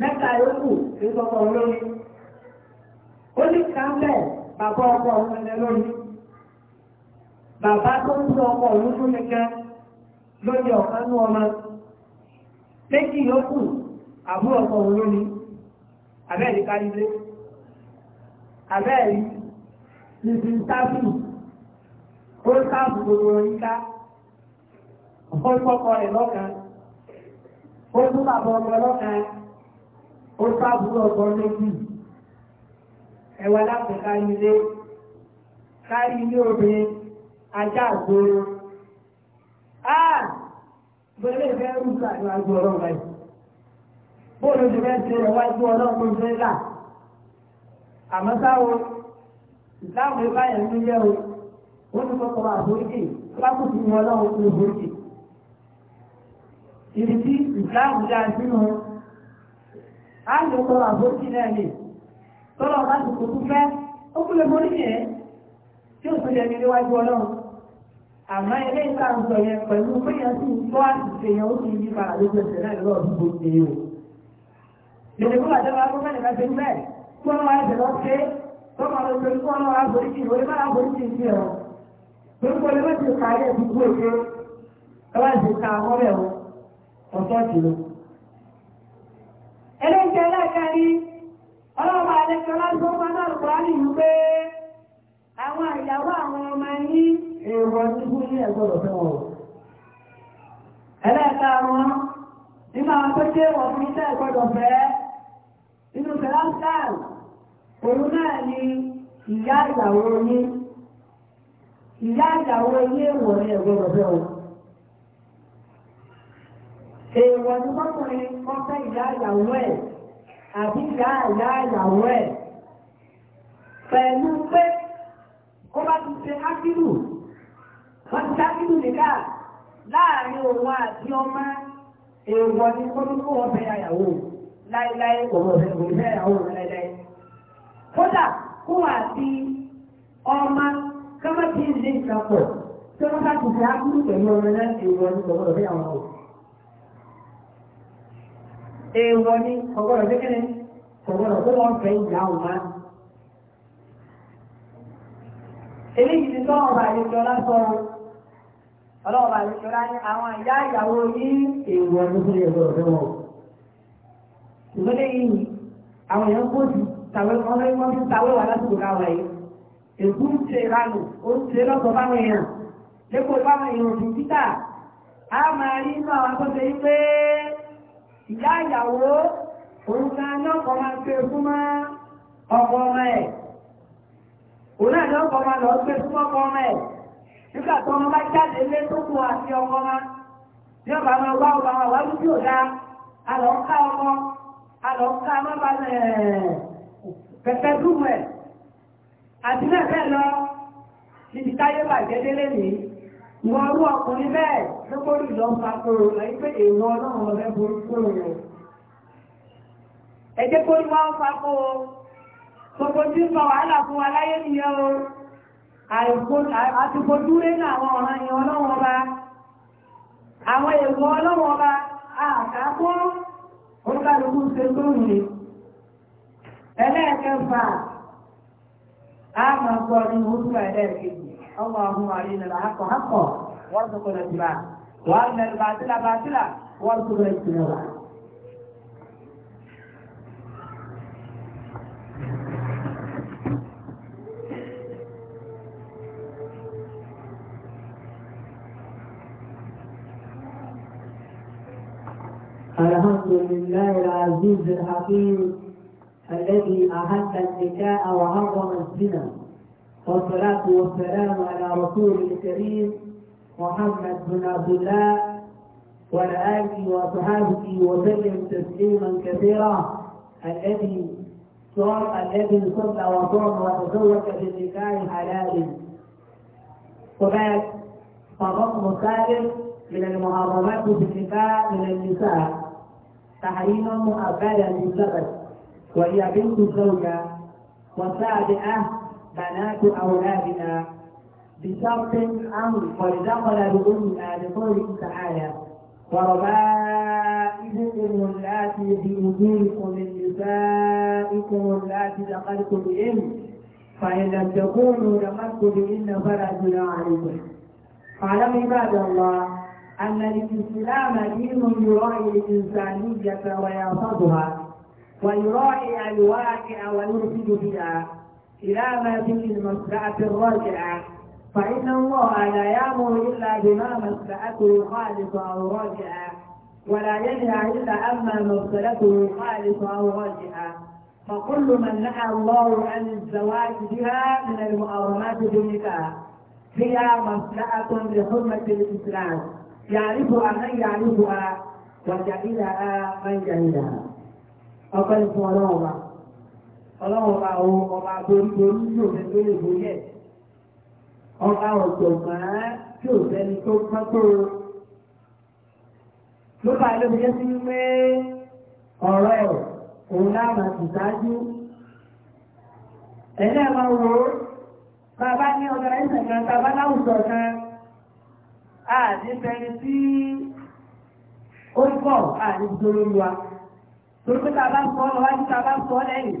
mẹ́ta yòókù ní kọ́kọ́ lórí ó ní kámbẹ̀ bàbá ọkọ òun lẹ lórí bàbá tó ń tún ọkọ òun fún nìkan lórí ọ̀kánú ọmọ méjì yòókù àbúrò ọkọ òun lórí abẹ́ẹ̀lì kárílé abẹ́ẹ̀lì níbi sáfù ó sáfù gbogbo yíká ó ń kọ́kọ́ rẹ̀ lọ́kàn ó tún bàbá ọmọ lọ́kàn ó sábúrò ọgbọ́n méjì ẹwà láti kárí ilé kárí ilé obìnrin ajá àgbòrò á gbélé ìfẹ́ rúgbà ní wájú ọlọ́run báyìí bóòlù ti fẹ́ ṣe ìwájú ọlọ́run tó ṣe là àmọ́ sáwo ìdáhùn ìbáyẹn ní yẹ o wọ́n ti kọ́kọ́ wà àforíjì lákòókò ọlọ́run tó ń foríjì ìrìtí ìdáhùn dáa sínú á lè tọrọ àforíjì náà lè tọrọ lásìkò tó fẹ́ ó kú lè borí yẹn tí ó tún yẹ ní níwájú ọlọ́run àmọ́ ilé ìta ń sọ yẹn pẹ̀lú pé yẹn sì ń gbọ́ àṣìṣe yẹn ó sì ń yí padà lójú ẹsẹ̀ náà lọ́wọ́ tó gbogbo ṣe o. Ìdè fún àjọ wa gómìnà bá ṣe ń bẹ̀ kí wọ́n wá ẹsẹ̀ lọ ṣe kó máa lọ sórí kí wọ́n wá àforíjì orí máa àforíjì sí ọmọ eléjẹ́ ìyàwó àwọn ọmọ ní èèwọ̀ ní fún ní ẹ̀gbọ́dọ̀ fẹ́ wọn ẹlẹ́ẹ̀ta wọn nínú àwọn tó jẹ́ wọ̀ fún iṣẹ́ ẹ̀gbọ́dọ̀ fẹ́ nínú fẹ́láńtàn òun náà ni ìyá ìyàwó ní ìyá ìyàwó ilé ìwọ̀n ní ẹ̀gbọ́dọ̀ fẹ́ èèwọ̀ ni mọ́kùnrin wọ́n fẹ́ ìyá ìyàwó ẹ̀ àbí ìyá ìyá ìyàwó ẹ̀ pẹ̀lú pé kó bá ti ṣe ákìlù wọ́n ti ákìlù nìkà láàrin òun àti ọmọ èèwọ̀ ni kó ló kó wọ́n fẹ́ ìyàwó láíláí òun ọ̀fẹ́ òun fẹ́ ìyàwó láíláí. kódà kó àti ọmọ kọ́mọ́tì ń lé ìkàpọ̀ tí wọ́n bá ti ṣe ákìlù pẹ̀lú ọmọ náà èèwọ̀ ni kò gbọ́dọ̀ fẹ́ ìyàwó èèwọ̀ ní kọ̀gọ́rọ̀ sí kíni tó wọ́n fẹ́ ìyá ọ̀ma. eléyìí ti tọ́ ọba àlejòọlá sọ ọlọ́ọ̀bà àlejòọlá ní àwọn ìyá ìyàwó yìí èèwọ̀ ní kí lè gbọ́dọ̀ fẹ́ wọn. ìgbélé yìí àwọn èèyàn kó ti tàwé wọn fẹ́ wọ́n fi tàwé wà lásìkò káwà yìí. èkú ń ṣe ìranù ó ń ṣe lọ́sọ̀ báwọn èèyàn lẹ́kọ̀ọ́ báwọn èèyàn ìyá ìyàwó òun kan lọ́kọ̀ọ́ máa gbé e fún mọ́ ọkọ ọmọ ẹ̀ òun náà lọ́kọ̀ọ́ máa lọ gbé e fún ọkọ ọmọ ẹ̀ nígbà tó ọmọ bá jáde lé tó kù àti ọkọ ọmọ ní ọba máa wá ọba wa wájú tí ò dá a lọ ká ọmọ a lọ ká mọ́ba pẹpẹ dùnmọ̀ ẹ̀ àti náà bẹ́ẹ̀ lọ níbi táyé bàjẹ́ délé nìyí ìwọ̀n ọdún ọkùnrin bẹ́ẹ̀ tó kórì lọ ń pàtòrò láyé pé èèwọ̀ ọlọ́run ọ̀fẹ́ burúkú rẹ̀ ẹ̀jẹ̀ kórì wá ń papò gbogbo tí ń fa wàhálà fún wa láyé nìyẹn o àtìfojú rẹ̀ ní àwọn ọ̀ràn yẹn ọlọ́run ọba àwọn èèwọ̀ ọlọ́run ọba àkàkọ́ oníkàlùkù ṣe tó yìí ẹlẹ́ẹ̀kẹfà á máa gbọ́ nínú oṣù ẹlẹ́ẹ̀kejì اللهم علينا الحق حقا وارزقنا اتباعه وأرنا الباطل باطلا وارزقنا اجتنابه الحمد لله العزيز الحكيم الذي احب النكاء وحرم الزنا والصلاة والسلام على رسول الكريم محمد بن عبد الله وعلى آله وصحابه وسلم تسليما كثيرا الذي صار الذي صلى وصام وتزوج في بالنكاح حلال وبعد فضم سالم من المحرمات في النكاح من النساء تحريما مؤبدا للسبب وهي بنت الزوجة والسابعة بنات أولادنا بشرط أن قد دخل لقوله بقوله تعالى وربائكم اللاتي في وجوهكم من نسائكم اللاتي دخلتم بهن فإن لم تكونوا دخلتم بهن فلا جناح عليكم اعلموا عباد الله أن الإسلام دين يراعي الإنسانية ويعصبها ويراعي الواقع ويرشد بها إلى ما فيه المصلحة الراجعة فإن الله لا يأمر إلا بما مصلحته خالصة أو راجعة ولا ينهى إلا أما مصلحته خالصة أو راجعة فكل من نهى الله عن الزواج بها من المحرمات بالنكاح هي مصلحة لحرمة الإسلام يعرفها من يعرفها وجهلها من جهلها. أقل صلوات ọlọ́run bá o ọba boríborí yóò fẹ́ tó lè borí ẹ̀ ọba ọ̀jọ̀gbọ́n tí ò sẹ́ni tó pọ́n tó ló bá ilé ìjẹ́ sí pé ọ̀rọ̀ ẹ̀ òun láàmà sì ṣáájú ẹ̀yìn náà máa wò ó bàbá ní ọ̀gá ẹ̀sẹ̀ kan bàbá láwùjọ kan àdìsẹ́ni tí ó ń bọ̀ àdìsẹ́ lórí wa torí pé tá a bá sọ ọ́ lọ́wọ́ lẹ́yìn.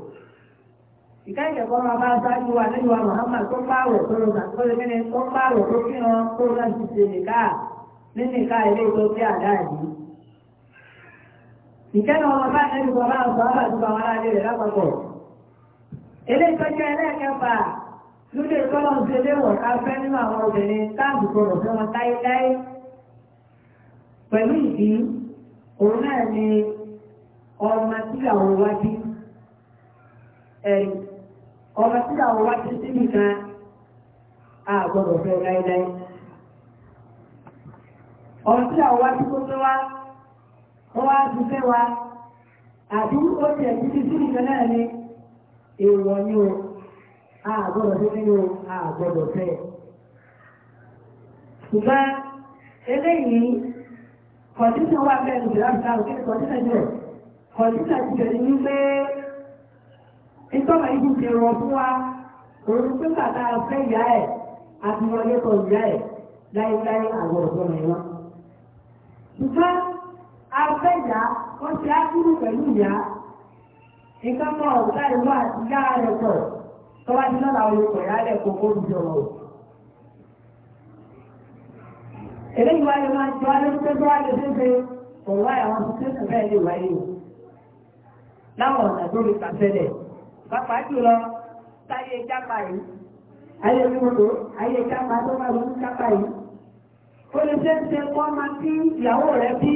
ìkáyọ̀ kan máa bá sáájú wa nínú wa Muhammad tó bá wọ̀ tó lọ́gbà tó lè mẹ́ni tó bá wọ̀ tó kí wọn tó láti ṣe nìka nínú ìka ilé tó bí àdá yìí. ìkẹ́yọ̀ ọmọ bá ẹni kan bá sọ ọ́ àti bàwọn aráàlú rẹ̀ lápapọ̀. ilé ìtọ́jú ẹlẹ́ẹ̀kẹfà lóde ìtọ́lọ́ ṣe léwọ̀ ká fẹ́ nínú àwọn obìnrin káàbù kọ̀rọ̀ fún wọn táyétáyé. pẹ̀lú ìdí òun náà ni ọmọ tíyàwó wájú ẹ̀rí ọ̀rọ̀ tí àwọn wá títí síbi á gbọ́dọ̀ fẹ́ tí àwọn wá tí kó fẹ́ wá wọ́n wá ti fẹ́ wa àti ó ti ẹ̀ títí síbi kan náà ni èèwọ̀ ni o á gbọ́dọ̀ fẹ́ nínú á ìtọ́nà ibi ti rọ̀ fún wa òun tó kàtà fẹ́ ìyá ẹ̀ àti wọlé kan ìyá ẹ̀ láéláé ọ̀dọ́ rẹ̀ ṣùgbọ́n afẹ́ ìyá pẹ̀lú ìyá nǹkan ọ̀gá ìlú àti ìyá rẹ̀ pọ̀ kò kó lùjọ eléyìí wáyé máa ń jọ tó wáyé àwọn tó lè wáyé láwọn ọ̀nà tó lè pàpà jùlọ táyé jápa yìí ayé mímọ́tò ayé jápa tó bá wọn jápa yìí ó kọ́ máa kí ìyàwó rẹ̀ bí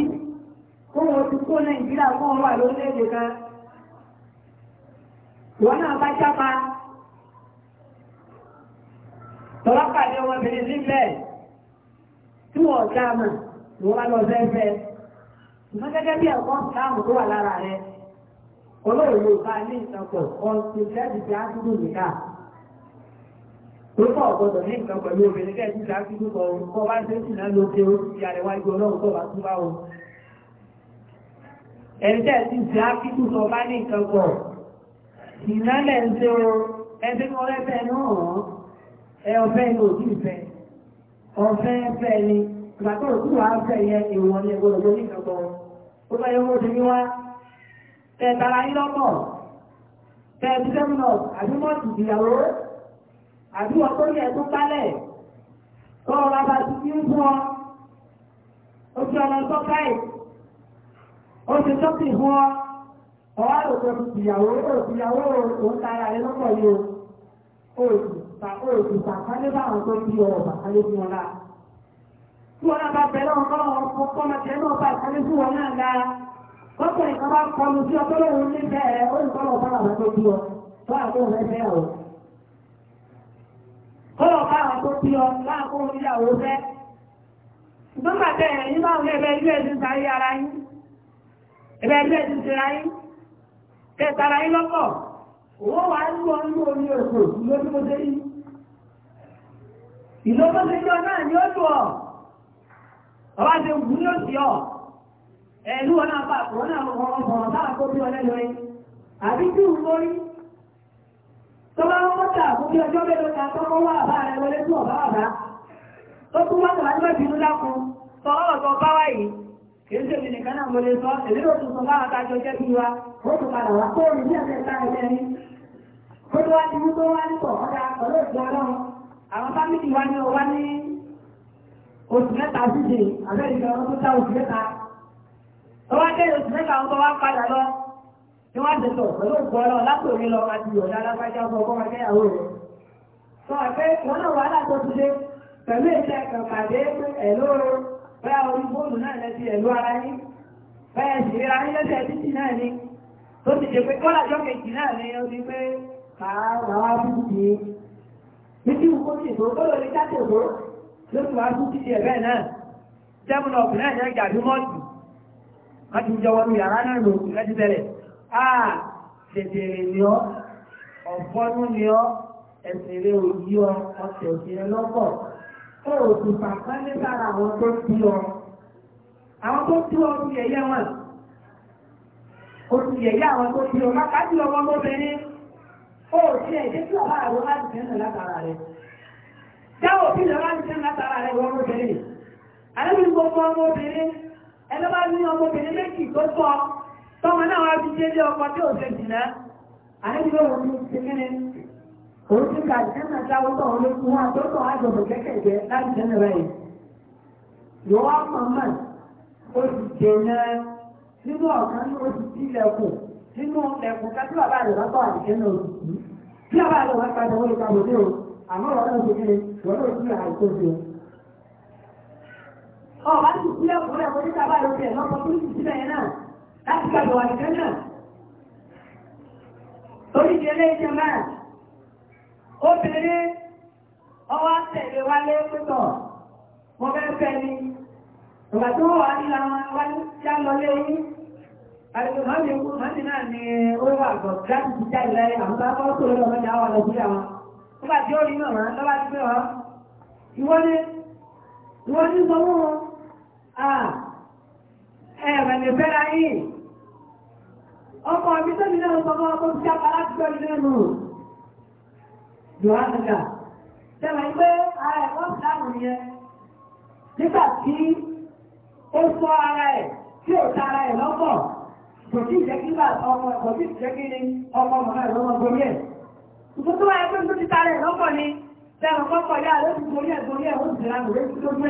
kó wọn ti kó nàìjíríà fún ọwọ́ àlórílẹ̀-èdè kan wọn náà bá jápa tọ́lápàdé wọn bèrè níbẹ̀ tí wọ́n já wọ́n bá lọ fẹ́ fẹ́ gẹ́gẹ́ bí ẹ̀kọ́ sáàmù tó wà lára rẹ̀ ọlọ́run ló bá ní ìtàkọ̀ ọ̀sìn jáde ti ákúndù nìkà. Tó kọ̀ gbọdọ̀ ní nǹkan pẹ̀lú obìnrin kẹ́ẹ̀ ti ti ákúndù kọ̀ kọ́ bá ṣe sì náà lóde ó ti àrẹwà ibi ọlọ́run tó bá tún bá wọn. Ẹni tẹ́ẹ̀ ti ti ákúndù kọ̀ bá ní nǹkan pọ̀. Ìnálẹ̀ ń ṣe o, ẹni tí wọ́n lẹ́fẹ̀ẹ́ náà wọ́n, ẹ ọ̀fẹ́ ni òjú ìfẹ́. Ọ̀fẹ́ fẹ́ ni, ìgbà tó òkú wàá fẹ́ yẹ ìwọ̀n ni ẹgbọ́dọ̀ lórí nǹkan tẹ̀tara yín lọ́pọ̀ tẹ̀bí sẹ́mínọ̀ àbí mọ́ọ̀tì ìyàwó àbí ọ̀tọ́ yẹ tó kálẹ̀ tọ́ ọ̀rọ̀ bá ti fi ń fún ọ ó fi ọ̀nà sọ́káì ó ti sọ́kì fún ọ ọ̀wá òkè ìyàwó òkìyàwó òun tara rẹ lọ́pọ̀ yìí o òòtù sàkálé báwọn tó fi ọ̀rọ̀ sàkálé fún ọ náà tí wọn náà bá bẹ̀rẹ̀ ọ̀kọ́ ọ̀kọ́ ọmọdé náà bá sàkálé fún ọ náà náà kọ́kọ́ ìkan bá kọlu sí ọpọlọ́run nífẹ̀ẹ́ olùkọ́lọ̀ àwọn tó kọ́lọ̀ àwọn tó ìgbọ́nà ẹgbẹ́ ilé ẹ̀sìn sáré ara yín ẹgbẹ́ ilé ẹ̀sìn sí ara yín yín owó ń lọ nínú òkò ọ ẹ̀lú ọ̀nà àpapọ̀ ọ̀nà ọ̀gbọ̀n sáà kó bí ọlẹ́ àbí tí ò lórí tó bá ń ọjọ́ mélòó ta tó mọ́ wá rẹ̀ wọlé tó ọ̀bá àbá tó tún wá tàbí wọ́n lákun sọ ọ̀rọ̀ bá wáyé kì í ṣe mi náà mo lè sọ èmi bá wa kájọ Tọ́wá jẹ́ oṣù mẹ́ta àwọn tọ́wá padà lọ tí wọ́n ti sọ pẹ̀lú òkú ọlọ́ látòrí lọ àti ìyọ̀dá alágbájá ọkọ̀ akẹ́yàwó rẹ̀. Sọ pé wọ́n náà wàhálà tó ti dé pẹ̀lú iṣẹ́ kàkàdé ẹ̀lú bẹ́ẹ̀ orí bóòlù náà lẹ́sí ẹ̀lú ara yín bẹ́ẹ̀ sì rí ayé lẹ́sẹ̀ títì náà ni tó ti dé pé kọ́lá jọ́ kejì náà ni ó ti pé kàá bùkì títí wù kó sì tó kó lórí jáde tó lóṣù wọ́n ti jọ wọnú yàrá náà lò láti tẹ̀lẹ̀ áà tètèrè ni ọ́ ọ̀fọ́nú ni ọ́ ẹ̀sìn rẹ̀ ò yí ọ ọ̀sẹ̀ òsìn rẹ̀ lọ́pọ̀ tó o sì pàpà ní sára àwọn tó tú ọ àwọn tó tú ọ ti yẹ̀yẹ́ wọn o ti àwọn tó tú ọ pápá jù ọmọ ọmọbìnrin ó ti ẹ̀jẹ̀ tí ọ̀bá àwọn láti tẹ̀lẹ̀ látara rẹ̀ dáwọ̀ bí lọ́wọ́ láti tẹ̀lẹ̀ látara rẹ̀ wọ́n ọmọbìnrin ẹni ní ọmọbìnrin méjì tó tọ́ tọ́mọ náà wá fi délé ọkọ tí ò ṣe jìnà àyẹ̀dúró òun ti kí òun ti ka ìjẹ́nà dáwọ́ tọ̀ ọ́ tó tọ̀ àgbọ̀dọ̀ kẹ́kẹ̀ẹ́ láti jẹ́nà rẹ̀ yóò wá mọ̀mọ́ ó sì jẹ́nà nínú ọ̀kan ní oṣù tí ilẹ̀kùn nínú ẹ̀kùn ká bá rẹ̀ wá padà náà ọ̀ bá ti sílẹ̀ òkúrẹ́ ọmọdé sábà lọ bẹ̀rẹ̀ lọ́pọ̀ tó ti sílẹ̀ yẹn náà láti gbàgbọ́ àdìgán náà. torí eléyìí máa obìnrin ọwọ́ tẹ̀lé wálé pẹ̀tọ̀ mo fẹ́ fẹ́ ni ìgbà tó wà ní làwọn wáyé já lọ lé yín àdìgbò mọ́mí ikú mọ́mí náà ni ó wà gbọ̀ láti ti já ìlà àwọn bá kọ́ sórí ọmọdé àwọn ọ̀dọ́ wọn. nígbà tí ó rí náà lọ́wọ́ ti pé wọn ìwọ́n ní ìwọ́n ní sọ wọn. Ah, ẹ̀rẹ̀ lè fẹ́ra yìí ọmọ mi tó ní lẹ́nu sọmọ ọmọ tí a bá láti gbọ́ ní lẹ́nu johannaga tẹ́lẹ̀ pé ara ẹ̀ wọ́n dáhùn yẹn nígbà tí ó sọ ara ẹ̀ tí ò ta ara ẹ̀ lọ́pọ̀ kò tí ìjẹ́ kí bá ọmọ kò tí ìjẹ́ kí ni ọmọ màmá ẹ̀ lọ́mọ gorí ẹ̀ tuntun tó wáyé pé tó ti ta ara ẹ̀ lọ́pọ̀ ni tẹ́lẹ̀ kọ́kọ́ yá ló ti gorí ẹ̀ gorí ẹ̀ ó sì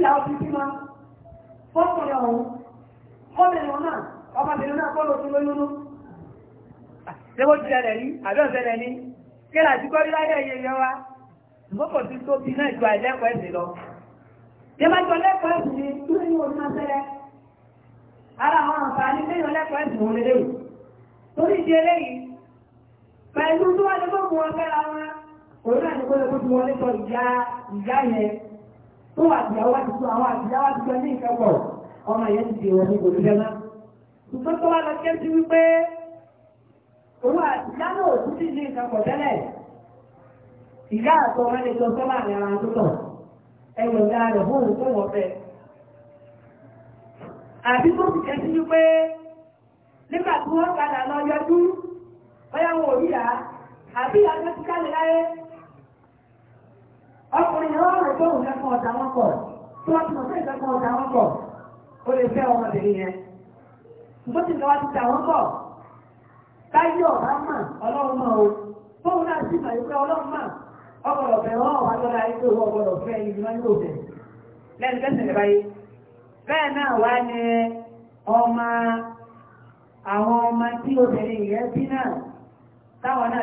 ìyá ọtí sí ma fọ́kùnrin ọ̀hún fọ́bìnrin ọ̀nà ọmọbìnrin náà kọ́ lóṣù lóyúnú ṣébó ti ṣẹlẹ̀ ní àbẹ́ òṣẹlẹ̀ ní kí làti kọ́ rí láyé ẹ̀yẹ yẹn wa mọ́kò tí tó bí náà ju àìlẹ́kọ̀ọ́ ẹ̀sìn lọ ṣé máa jọ lẹ́kọ̀ọ́ ẹ̀sìn ní túnú ní orí máa ṣẹlẹ̀ ara àwọn àǹfààní lẹ́yìn lẹ́kọ̀ọ́ ẹ̀sìn òun lélẹ́yìn torí di eléyìí pẹ̀lú tó wá lé gbogbo wọn fẹ́ra wọn òun náà ní kó lè kó ti wọlé sọ ìyá ìyá yẹn ó wà àtìyàwó láti tún àwọn àtìyàwó láti tún ní ìkẹ́kọ̀ọ́ ọmọ yẹn ti dèrò ní gbòdò jẹ́ náà. ṣùgbọ́n tó wá lọ kí ẹ ti wí pé òun àtìyá náà ò tún ní tẹ́lẹ̀ ìyá wọn lè sọ́mà ní ara tó tọ̀ fún òun tó wọ̀ fẹ́. àbí tó ti wí pé nígbà tí wọ́n padà lọ yọjú ọkùnrin yẹn wọ́n rẹ̀ tó nǹkan kan ọ̀dà wọn kọ̀ tó wọ́n ti mọ̀ sí ọ̀dà wọn ó lè fẹ́ ọmọbìnrin yẹn tí ti tà wọ́n o fóun náà sì mà ọlọ́run mà fẹ́ wọ́n wà lọ́la ayé pé owó fẹ́ ìlú lẹ́nu lè báyé bẹ́ẹ̀ náà wá ní ọmọ àwọn ọmọ tí obìnrin yẹn bí náà táwọn náà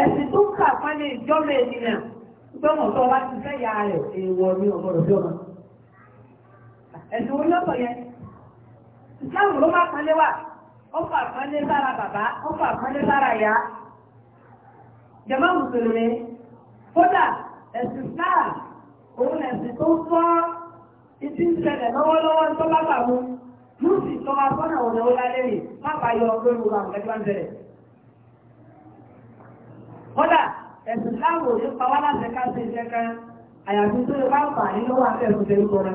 ẹ̀sìn tó kà pálẹ̀ ìjọ́mọ̀ ènìyàn gbọ́mọ̀ tó wá ti fẹ́ ya rẹ̀ èèwọ̀ ní ọmọdé bí ọmọ ẹ̀sìn orí ọ̀pọ̀ yẹn ìsáàmù ló má pálẹ̀ wà ọkọ̀ àpálẹ̀ sára bàbá ọkọ̀ àpálẹ̀ sára ìyá jàmá mùsùlùmí kódà ẹ̀sìn sáà òun ẹ̀sìn tó sọ ibi ń ṣẹlẹ̀ lọ́wọ́lọ́wọ́ tó bá bà mú mú sì tọ́ afọ́nà ọ̀nà ó lálẹ́ rè má bàa yọ lórí wa ọ̀gá kódà ẹ̀sùn láàrò pa wá láti ká sí iṣẹ́ kan àyàfi tó bá fà nínú wà fẹ́ ẹ̀sùn tẹ̀lé kọ́ra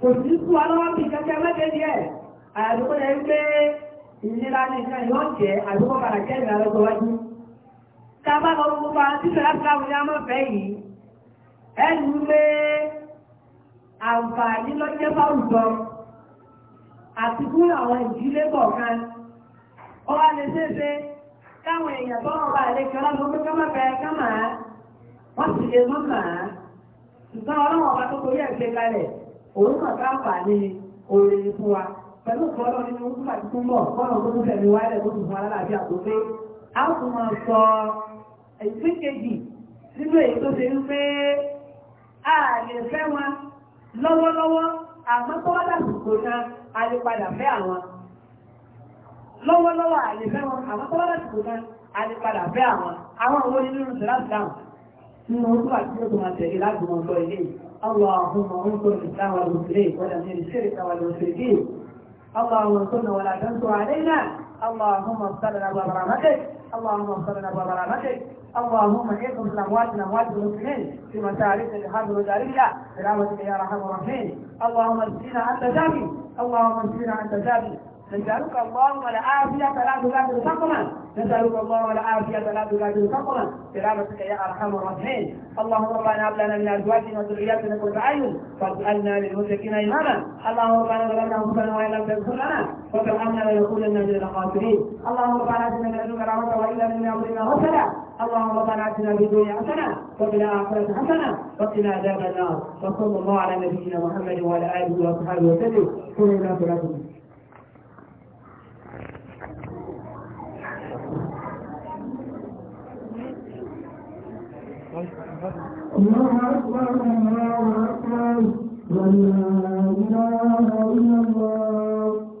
kò sí kú ọlọ́wọ́ bí kẹ́kẹ́ mẹ́tẹ́ díẹ̀ àyàfi kó lè gbé ìlera ní yóò jẹ́ kẹ́rin àlọ́gbọ́ wájú ká bá lọ gbogbo láwùjọ amọ̀fẹ́ yìí ẹnu lé káwọn èèyàn tọ́nà bá àlejò ọlọ́run pé kọ́mọ̀ bẹ́ẹ̀ kọ́mọ̀ á wọ́n sì lè mọ́ màá ṣùgbọ́n ọlọ́run ọba tó torí ẹ̀ kalẹ̀ òun náà ká fà ní oore fún wa pẹ̀lú kọ́lọ́ nínú oṣù àti túnbọ̀ kọ́lọ́ tó tún fẹ̀mí wáyé lẹ́kọ́ tó fún alálàáfíà tó pé tún máa sọ ẹ̀sìn kejì nínú èyí tó ṣe wípé a lè fẹ́ wọn lọ́wọ́lọ́wọ́ àmọ́ tó wá dàsìkò náà lọ́wọ́lọ́wọ́ àlè fẹ́ wọn àwọn tó bá láti kò kan àlè padà fẹ́ àwọn àwọn owó nínú ìrìnsẹ̀ láti dáhùn nínú ojú àti ojú máa tẹ̀lé láti mọ̀ sọ ilé اللهم انصر الاسلام والمسلمين ودمر الشرك والمشركين اللهم انصرنا ولا تنصر علينا اللهم اغفر لنا برحمتك اللهم اغفر لنا برحمتك اللهم احفظ لامواتنا اموات المسلمين في مسارك الحرب الداريه يا ارحم الراحمين اللهم اسقنا انت شافي اللهم اسقنا انت شافي نسألك الله العافية فلا تغادر سقما نسألك الله العافية فلا تغادر سقما برحمتك يا أرحم الراحمين اللهم ربنا هب لنا من أزواجنا وذرياتنا قرة أعين واجعلنا للمتقين إماما اللهم ربنا ظلمنا أنفسنا وإن لم تغفر لنا وترحمنا لنكونن من الخاسرين اللهم ربنا آتنا من لدنك رحمة وإلا من أمرنا غفلا اللهم ربنا آتنا في الدنيا حسنة وفي الآخرة حسنة وقنا عذاب النار وصلى الله على نبينا محمد وعلى آله وصحبه وسلم قولوا لا الله أكبر الله أكبر ولا إله إلا الله